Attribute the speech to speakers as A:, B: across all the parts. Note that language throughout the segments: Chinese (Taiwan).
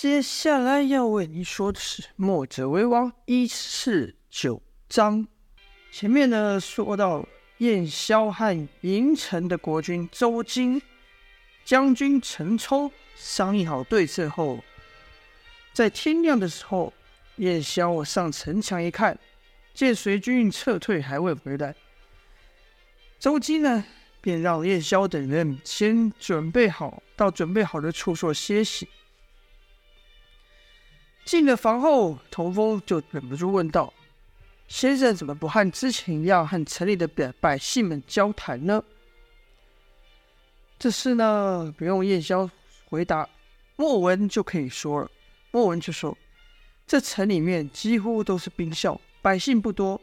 A: 接下來要為你說的是《墨者為王》一四九章。前面呢，說到燕蕭和營城的國君周金、將軍陳沖商議好對策後，在天亮的時候，燕蕭我上城牆一看，見隋軍撤退還未回來。周金呢，便讓燕蕭等人先準備好，到準備好的處所歇息。進了房後，童風就忍不住問道：“先生怎麼不和之前一樣和城裡的百百姓們交談呢？”這事呢，不用燕蕭回答，莫文就可以說了。莫文就說：“這城裡面幾乎都是兵校，百姓不多，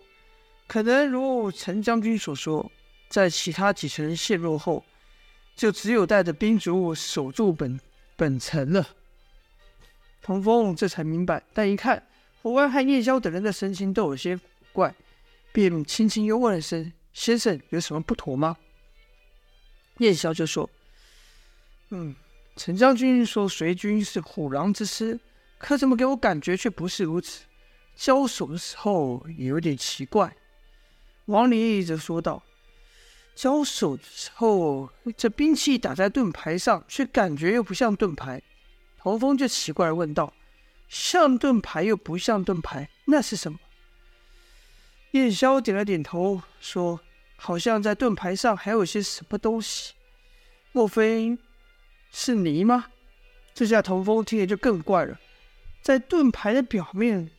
A: 可能如陳將軍所說，在其他幾城陷落後，就只有帶着兵卒守住本本城了。”童風這才明白，但一看胡萬漢、聶霄等人的神情都有些古怪，便輕輕又問了聲：“先生有什麼不妥嗎？”聶霄就說：“嗯，陳將軍說隨軍是虎狼之師，可怎麼給我感覺卻不是如此？交手的時候也有點奇怪。”王林則說道：“交手的時候，這兵器打在盾牌上，卻感覺又不像盾牌。”童風就奇怪地問道：“像盾牌又不像盾牌，那是什麼？”燕蕭點了點頭說：“好像在盾牌上還有些什麼東西，莫非是泥嗎？”這下童風聽著就更怪了，在盾牌的表面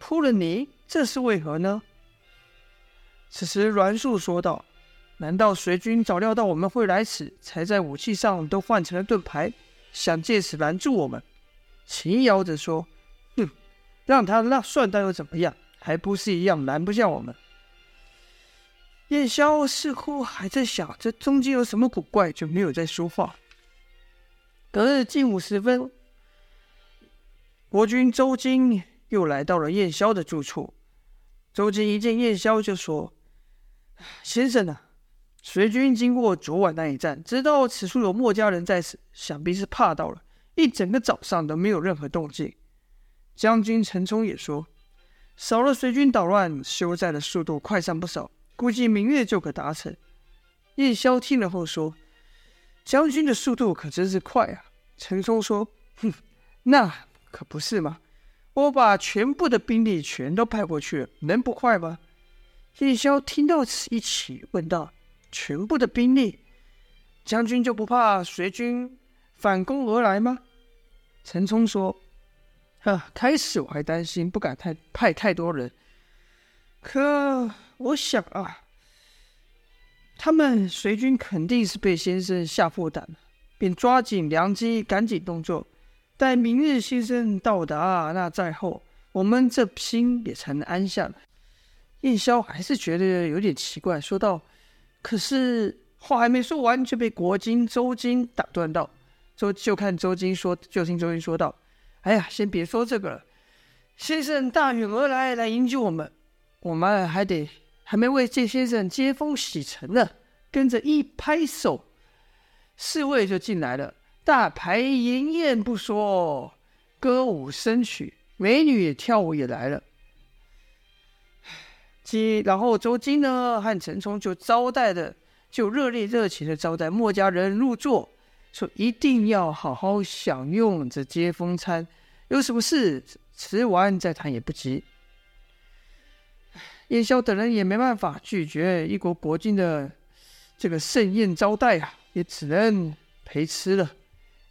A: 鋪了泥，這是為何呢？此時欒樹說道：“難道隋軍早料到我們會來此，才在武器上都換成了盾牌？”想借此攔住我們，秦瑤着說：“哼、嗯，讓他那算蛋又怎麼樣？還不是一樣攔不下我們。”燕蕭似乎還在想這中間有什麼古怪，就沒有再說話。隔日近午時分，國君周京又來到了燕蕭的住處。周京一見燕蕭就說：“先生呢、啊？”隋軍經過昨晚那一戰，知道此處有墨家人在此，想必是怕到了。一整個早上都沒有任何動靜。將軍陳沖也說：“少了隋軍搗亂，修寨的速度快上不少，估計明日就可達成。”葉蕭聽了後說：“將軍的速度可真是快啊！”陳沖說：“哼，那可不是嗎？我把全部的兵力全都派過去了，能不快嗎？”葉蕭聽到此，一起問道。全部的兵力，將軍就不怕隨軍反攻而來嗎？陳沖說：“呵，開始我還擔心，不敢太派太多人。可我想啊，他們隨軍肯定是被先生嚇破膽了，便抓緊良機，趕緊動作。待明日先生到達那寨後，我們這心也才能安下來。”燕蕭還是覺得有點奇怪，說道。可是話還沒說完，就被國金周金打斷道，周就看周金說，就聽周金說道，哎呀，先別說這個了，先生大遠而來，來迎接我們，我們還得還沒為這先生接風洗塵呢。”跟着一拍手，侍衛就進來了，大排筵宴，不說，歌舞升曲，美女也跳舞也來了。然後周金呢和陳沖就招待的就熱烈熱情的招待墨家人入座，說一定要好好享用這接風餐，有什麼事吃完再談也不急。燕蕭等人也沒辦法拒絕一國國君的這個盛宴招待啊，也只能陪吃了。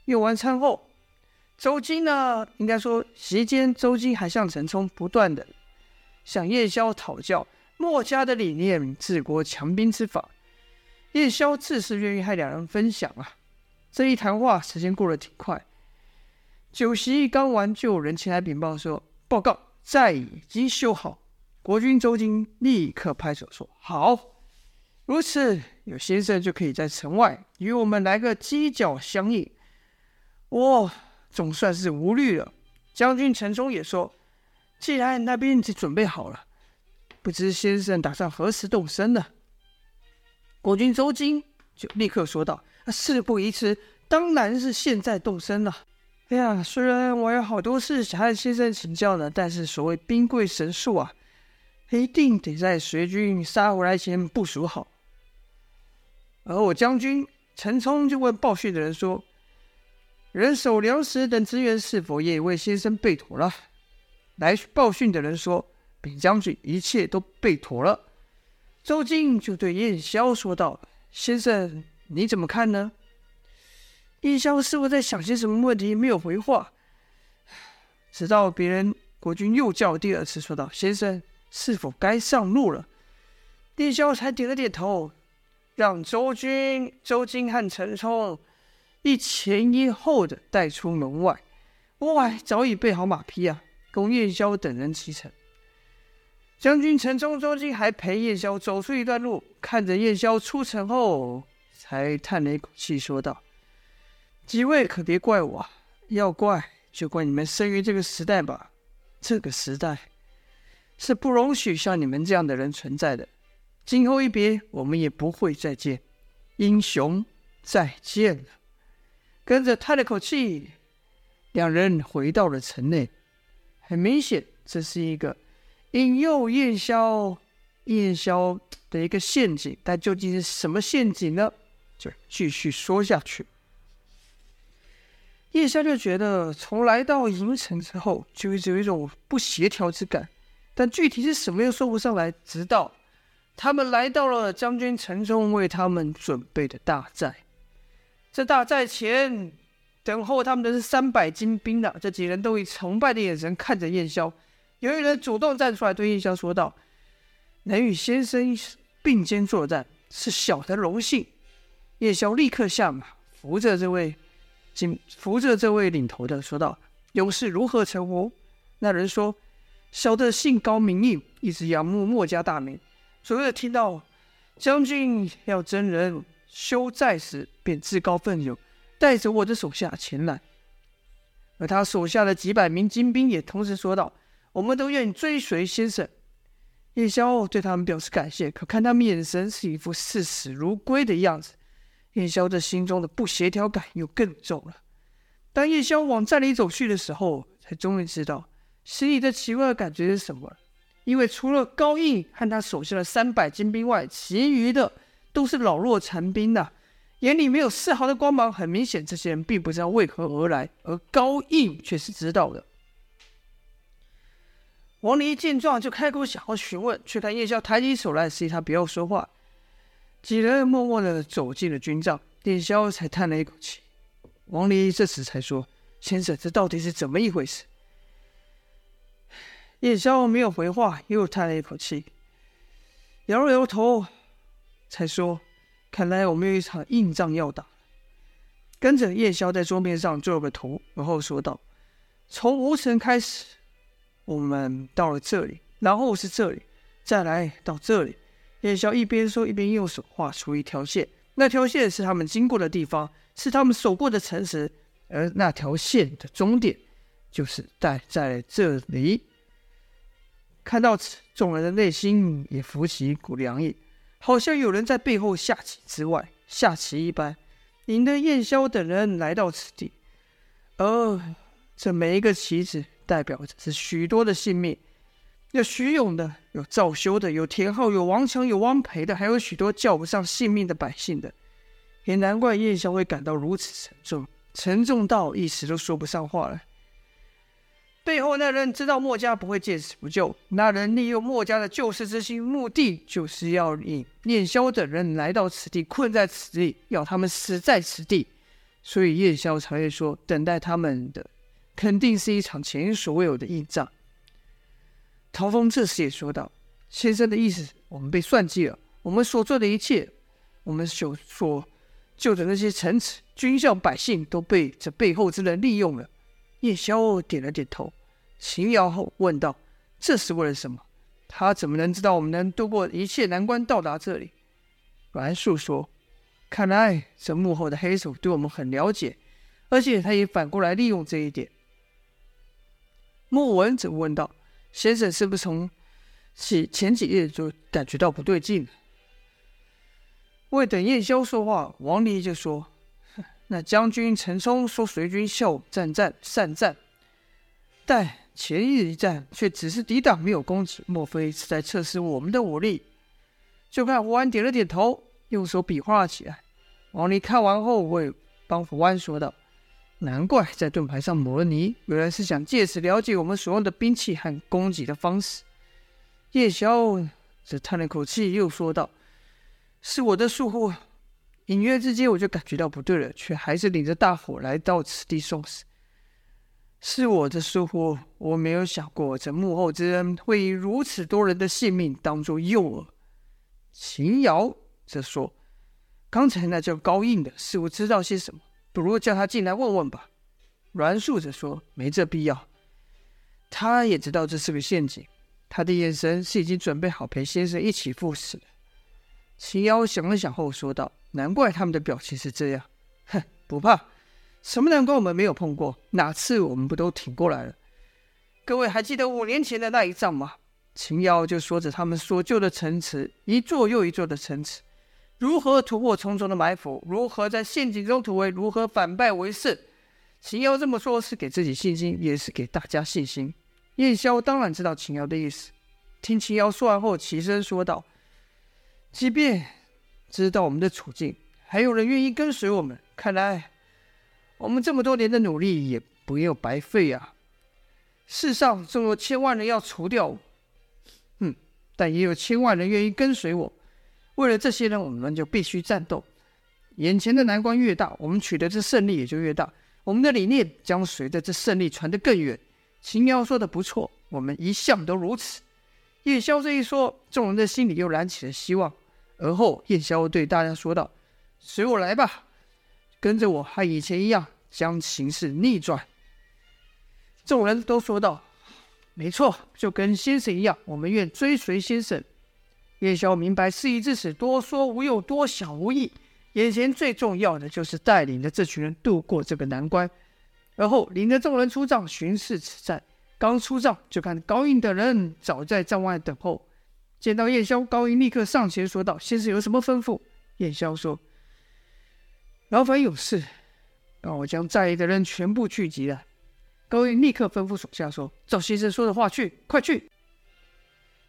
A: 用完餐後，周金呢應該說席間周金還向陳沖不斷的。向葉蕭討教墨家的理念、治國強兵之法。葉蕭自是願意，和兩人分享啊。這一談話時間過得挺快，酒席剛完就有人前來稟報說：“報告，寨已經修好。”國君周京立刻拍手說：“好，如此有先生就可以在城外與我們來個犄角相應。”我、哦、總算是無慮了。將軍陳中也說。既然那邊已經準備好了，不知先生打算何時動身呢？國軍周京就立刻說道：“事不宜遲，當然是現在動身了。”哎呀，雖然我有好多事想向先生請教呢，但是所謂兵貴神速啊，一定得在隋軍殺回來前部署好。而我將軍陳沖就問報訊的人說：“人手、糧食等資源是否也為先生備妥了？”來報訊的人說：“稟將軍，一切都備妥了。”周京就對燕蕭說道：“先生，你怎麼看呢？”燕蕭似乎在想些什麼問題，沒有回話。直到別人國君又叫第二次，說道：“先生，是否該上路了？”燕蕭才點了點頭，讓周軍、周京和陳沖一前一後的帶出門外。屋外早已備好馬匹啊。跟燕蕭等人啟程，將軍陳忠終究還陪燕蕭走出一段路，看着燕蕭出城後，才嘆了一口氣，說道：“幾位可別怪我，要怪就怪你們生於這個時代吧。這個時代是不容許像你們這樣的人存在的。今後一別，我們也不會再見，英雄再見了。”跟着嘆了口氣，兩人回到了城內。很明顯，這是一個引誘葉蕭、宵、葉蕭的一個陷阱。但究竟是什麼陷阱呢？就繼續說下去。葉蕭就覺得，從來到銀城之後，就一直有一種不協調之感，但具體是什麼又說不上來。直到他們來到了將軍城中，為他們準備的大寨，這大寨前。等候他們的是三百精兵的，這幾人都以崇拜的眼神看着燕蕭。有一人主動站出來對燕蕭說道：“能與先生並肩作戰，是小的榮幸。”燕蕭立刻下馬，扶着這位，扶着這位領頭的說道：“勇士如何稱呼？”那人說：“小的姓高名印，一直仰慕墨家大名，所以聽到將軍要徵人修寨時，便自告奮勇。”帶着我的手下前來，而他手下的幾百名精兵也同時說道：“我們都願意追隨先生。”葉蕭對他們表示感謝，可看他們眼神是一副視死如歸的樣子，葉蕭這心中的不協調感又更重了。當葉蕭往站裡走去的時候，才終於知道心裡的奇怪的感覺是什麼，因為除了高印和他手下的三百精兵外，其餘的都是老弱殘兵了啊。眼裡沒有絲毫的光芒，很明顯，這些人並不知道為何而來，而高印卻是知道的。王離見狀就開口想要詢問，卻看葉蕭抬起手來示意他不要說話。幾人默默的走進了軍帳，葉蕭才嘆了一口氣。王離這時才說：“先生，這到底是怎麼一回事？”葉蕭沒有回話，又嘆了一口氣，搖了搖頭，才說。看來我們有一場硬仗要打。跟着葉蕭在桌面上做了個圖，然後說道：“從無城開始，我們到了這裡，然後是這裡，再來到這裡。”葉蕭一邊說，一邊用手畫出一條線。那條線是他們經過的地方，是他們守過的城池，而那條線的終點就是待在這裡。看到此，眾人的內心也浮起一股涼意。好像有人在背後下棋之外下棋一般，引得燕蕭等人來到此地。哦、呃，這每一個棋子代表着是許多的性命，有徐勇的、有趙修的、有田浩、有王強、有汪培的，還有許多叫不上性命的百姓的。也難怪燕蕭會感到如此沉重，沉重到一時都說不上話來。背後那人知道墨家不會見死不救，那人利用墨家的救世之心，目的就是要引燕蕭等人來到此地，困在此地，要他們死在此地。所以燕蕭才會說，等待他們的，肯定是一場前所未有的硬仗。陶峰這時也說道：“先生的意思，我們被算計了。我們所做的一切，我們所所救的那些城池，軍校百姓，都被這背後之人利用了。”葉蕭點了點頭，秦搖後問道：“這是為了什麼？他怎麼能知道我們能度過一切難關到達這裡？”欒樹說：“看來這幕後的黑手對我們很了解，而且他也反過來利用這一點。”莫文則問道：“先生是不是從前幾日就感覺到不對勁了？”未等葉蕭說話，王黎就說。那將軍陳沖說：“隨軍校戰戰善戰，但前一戰卻只是抵擋，沒有攻擊。莫非是在測試我們的武力？”就看胡安點了點頭，用手比劃了起來。王離看完後，為幫胡安說道：“難怪在盾牌上抹了泥，原來是想借此了解我們所用的兵器和攻擊的方式。”葉蕭則嘆了口氣，又說道：“是我的疏忽。”隱約之間，我就感覺到不對了，卻還是領着大夥來到此地送死。是我的疏忽，我沒有想過這幕後之人會以如此多人的性命當做誘餌。秦瑤則說：“剛才那叫高印的似乎知道些什麼，不如叫他進來問問吧。”欒樹則說：“沒這必要，他也知道這是個陷阱。他的眼神是已經準備好陪先生一起赴死了。”秦瑤想了想後說道。難怪他們的表情是這樣，哼，不怕，什麼難關我們沒有碰過，哪次我們不都挺過來了？各位還記得五年前的那一仗嗎？秦瑤就說着他們所救的城池，一座又一座的城池，如何突破重重的埋伏，如何在陷阱中突圍，如何反敗為勝。秦瑤這麼說，是給自己信心，也是給大家信心。燕蕭當然知道秦瑤的意思，聽秦瑤說完後，起身說道：“即便。”知道我們的處境，還有人願意跟隨我們。看來，我們這麼多年的努力也不要白費啊！世上總有千萬人要除掉我，哼、嗯，但也有千萬人願意跟隨我。為了這些人，我們就必須戰鬥。眼前的難關越大，我們取得這勝利也就越大。我們的理念將隨着這勝利傳得更遠。秦瑤說的不錯，我們一向都如此。葉蕭這一說，眾人的心裡又燃起了希望。而後，葉蕭對大家說道：“隨我來吧，跟着我，和以前一樣，將形勢逆轉。”眾人都說道：“沒錯，就跟先生一樣，我們願追隨先生。”葉蕭明白，事已至此，多說無用，多想無益。眼前最重要的就是帶領着這群人渡過這個難關。而後，領着眾人出帳巡視此戰。剛出帳，就看高印等人早在帳外等候。見到葉蕭，高印立刻上前說道：“先生有什麼吩咐？”葉蕭說：“勞煩有事，讓我將在意的人全部聚集了。”高印立刻吩咐手下說：“照先生說的話去，快去。”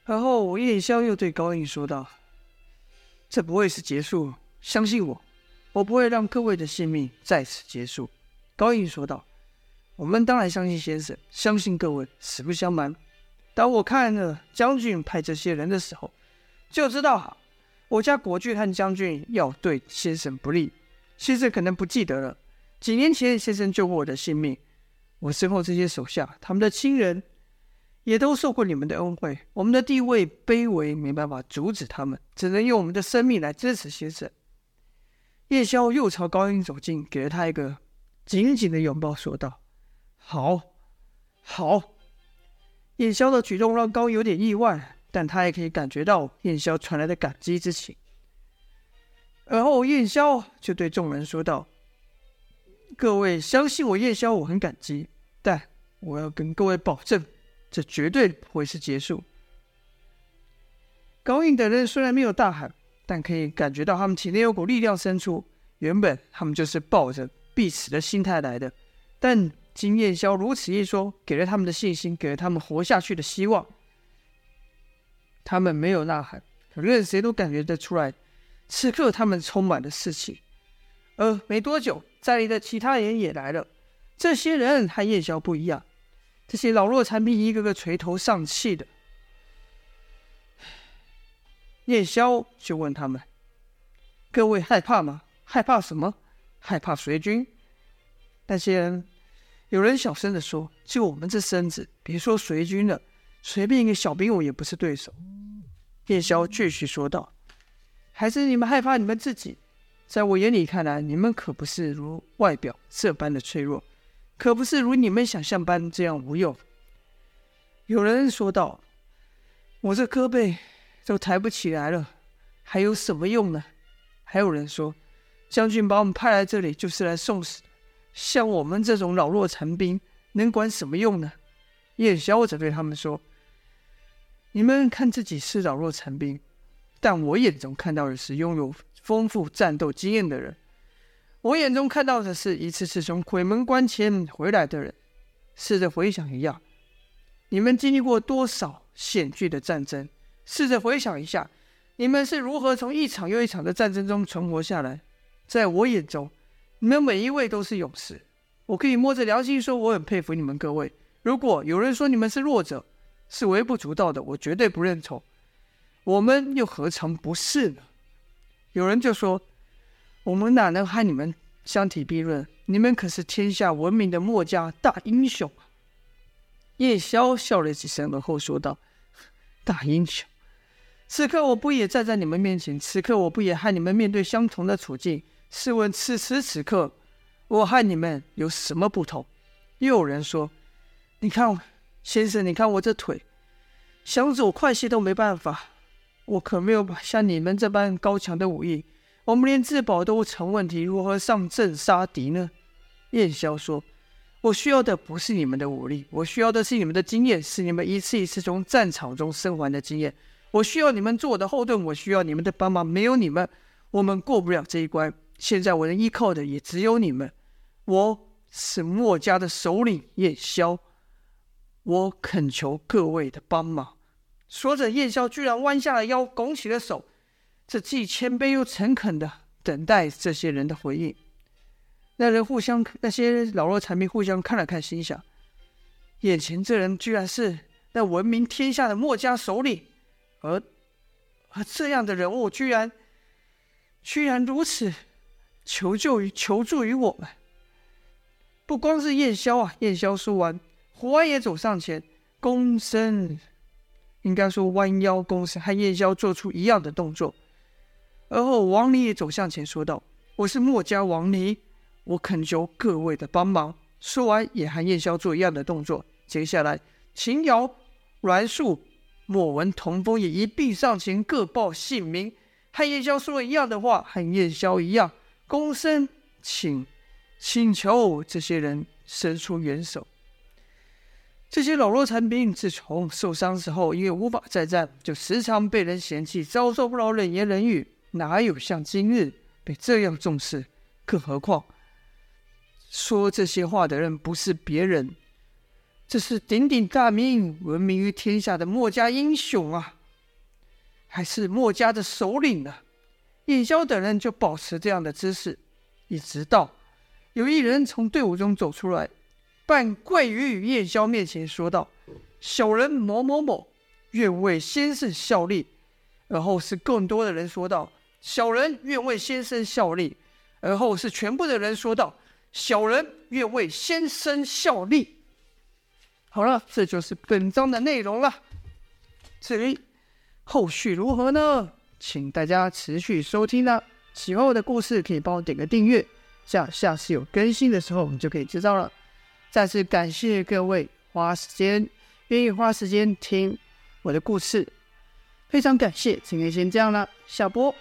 A: 而後葉蕭又對高印說道：“這不會是結束，相信我，我不會讓各位的性命在此結束。”高印說道：“我們當然相信先生，相信各位。實不相瞞。”當我看了將軍派這些人的時候，就知道、啊、我家國舅和將軍要對先生不利。先生可能不記得了，幾年前先生救過我的性命。我身後這些手下，他們的親人也都受過你們的恩惠。我們的地位卑微，沒辦法阻止他們，只能用我們的生命來支持先生。葉蕭又朝高印走近，給了他一個緊緊的擁抱，說道：“好，好。”夜宵的舉動讓高印有點意外，但他也可以感覺到夜宵傳來的感激之情。而後，夜宵就對眾人說道：“各位相信我，夜宵我很感激，但我要跟各位保證，這絕對不會是結束。”高印等人雖然沒有大喊，但可以感覺到他們體內有股力量生出。原本他們就是抱着必死的心態來的，但……經燕霄如此一說，給了他們的信心，給了他們活下去的希望。他們沒有吶喊，可任誰都感覺得出來，此刻他們充滿了士氣。而沒多久，寨裡的其他人也來了。這些人和燕霄不一樣，這些老弱殘兵一個個垂頭喪氣的。燕霄就問他們：“各位害怕嗎？害怕什麼？害怕隋軍？”那些人。有人小聲的說：“就我們這身子，別說隨軍了，隨便一個小兵我也不是對手。”葉蕭繼續說道：“還是你們害怕你們自己，在我眼裡看來，你們可不是如外表這般的脆弱，可不是如你們想象般這樣無用。”有人說道：“我這胳膊都抬不起來了，還有什麼用呢？”還有人說：“將軍把我們派來這裡，就是來送死。”像我們這種老弱殘兵，能管什麼用呢？葉蕭則對他們說：“你們看自己是老弱殘兵，但我眼中看到的是擁有豐富戰鬥經驗的人。我眼中看到的是一次次從鬼門關前回來的人。試着回想一下，你們經歷過多少險峻的戰爭？試着回想一下，你們是如何從一場又一場的戰爭中存活下來？在我眼中。”你們每一位都是勇士，我可以摸着良心說，我很佩服你們各位。如果有人說你們是弱者，是微不足道的，我絕對不認同。我們又何嘗不是呢？有人就說，我們哪能和你們相提並論？你們可是天下聞名的墨家大英雄啊。葉蕭笑了幾聲，然後說道：“大英雄，此刻我不也站在你們面前？此刻我不也和你們面對相同的處境？”試問此時此刻，我和你們有什麼不同？又有人說：“你看，先生，你看我這腿，想走快些都沒辦法。我可沒有像你們這般高強的武藝，我們連自保都成問題，如何上陣殺敵呢？”燕蕭說：“我需要的不是你們的武力，我需要的是你們的經驗，是你們一次一次從戰場中生還的經驗。我需要你們做我的後盾，我需要你們的幫忙。沒有你們，我們過不了這一關。”現在我能依靠的也只有你們。我是墨家的首領燕蕭，我懇求各位的幫忙。說着，燕蕭居然彎下了腰，拱起了手，這既謙卑又誠懇地等待這些人的回應。那人互相，那些老弱殘兵互相看了看，心想：眼前這人居然是那聞名天下的墨家首領，而而這樣的人物居然居然如此。求救於求助於我們，不光是燕宵啊！燕宵說完，胡安也走上前，躬身，應該說彎腰躬身，和燕宵做出一樣的動作。而後王離也走向前，說道：“我是墨家王離，我懇求各位的幫忙。”說完也和燕宵做一樣的動作。接下來，秦瑤、欒樹、莫文、童風也一併上前，各報姓名，和燕宵說了一樣的話，和燕宵一樣。躬身，請請求這些人伸出援手。這些老弱殘兵自從受傷之後，因為無法再戰，就時常被人嫌棄，遭受不了冷言冷語，哪有像今日被這樣重視？更何況，說這些話的人不是別人，這是鼎鼎大名、聞名於天下的墨家英雄啊，還是墨家的首領呢、啊？燕霄等人就保持這樣的姿勢，一直到有一人從隊伍中走出來，半跪於燕霄面前說道：“小人某某某，願為先生效力。”而後是更多的人說道：“小人願為先生效力。”而後是全部的人說道：“小人願為先生效力。”好了，這就是本章的內容了。至於後續如何呢？請大家持續收聽呢。喜歡我的故事，可以幫我點個訂閱，這樣下次有更新的時候，我們就可以知道了。再次感謝各位花時間，願意花時間聽我的故事，非常感謝。今天先這樣啦，下播。